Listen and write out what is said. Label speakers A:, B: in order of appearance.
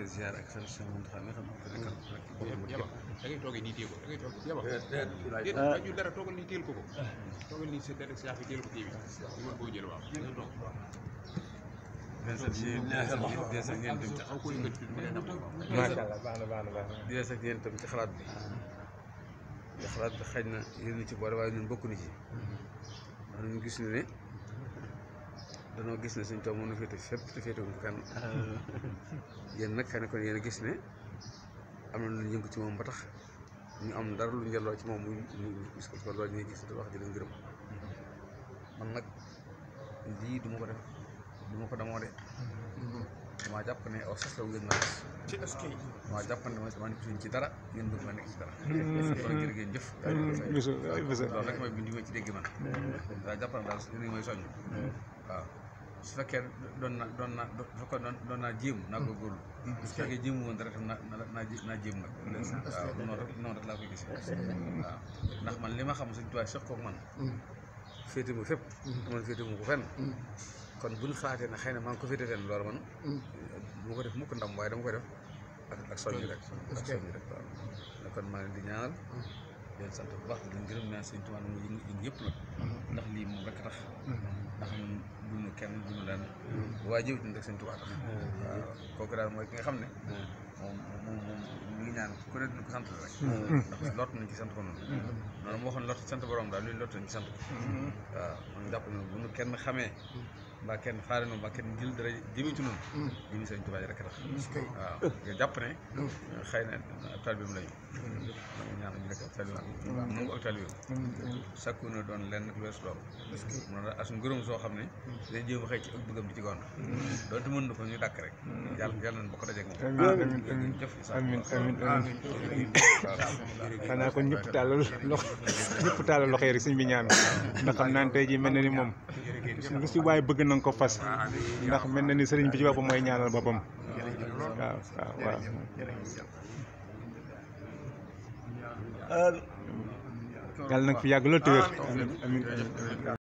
A: koy ziar ak seen seen munti xam ne xam nga. da da ngay toog yaba. déedéet ñu dara sa dara saa fi téel ko téye bi. ñu mën koo jël waaw. dees ak yéen tam ci xaw macha allah baax na baax xalaat bi. ndax xalaat bi xaj na yéen ci boole waaye ñun bokk na ci. ndax ñu gis ne ne danoo gis ne suñ toog mën na féete féete ko kenn. yen nak xëy na kon yéen gis ne am na ñu yëngu ci mom ba tax ñu am dara lu ñëllo ci mom muy gis ko ko loolu gis te wax di leen gërëm man nak di duma ko def duma ko damo de ma japp ne o sas la ngeen na ci aski ma japp ne ma ci ci dara ngeen bëgg ma nek ci dara mm. ko jërë ngeen jëf mm. Mm. loolu rek mooy bindu ma ci dégg man da jàpp ne daal li mooy soñu waaw su fekkee doon na doon na su fekkee naa jéem naa ko góorlu mm. su fekkee jéemu woon dara naa naa jéem nag mm. waaw noonu rek noonu rek laa koy gis waaw ndax man li ma xam suñ tuwaay sox koog man mm. féete mu fépp man féete mu ko fenn kon buñ faatee na xay na maa ko féete fenn loolu man mu ko def mukk ndam waaye dama ko def ak soññ rek ak soññ rek waaw kon maa ngi di ñaanal leen sant bu baax di leen gërëm ñaan seen tuwaay mu yëngu yëngu yëpp nag ndax lii moom rek tax kenn duñu leen waa jiw tuñ rek sëñ a tax waaw kooku daal mooy ki nga xam ne hmm. moom moom moom mi ngi ñaan ku ne duñ ko sant la rek hmm. Hmm. ndax lott sant borom daal luy lott nañ ci sant ko waaw man jàpp na bu nu kenn xamee mbaa kenn faare nu mbaa kenn jël dara jëmi ci noonu jëmi mm. sëriñ Tuubaa rek tax mm. waaw nga jàpp ne mm. xëy na ab taalibeem lañu lenn lu weesu loolu mu ne as soo xam ne day jéem a ci ak bëggam di ci goon doonte ko ñu dàkk rek yàlla yàlla nañ bokk dajeeg moom amiin jëf amiin amiin amiin xanaa kon ñëpp tàllal loxo ñëpp tàllal loxo yi rek sëñ bi ñaan ndax xam naa tey ji mel na ni moom si waaye bëgg na nga ko fas ndax mel na ni sëriñ bi ci boppam mooy ñaanal boppam waaw waaw waaw fi yàgg lool te wér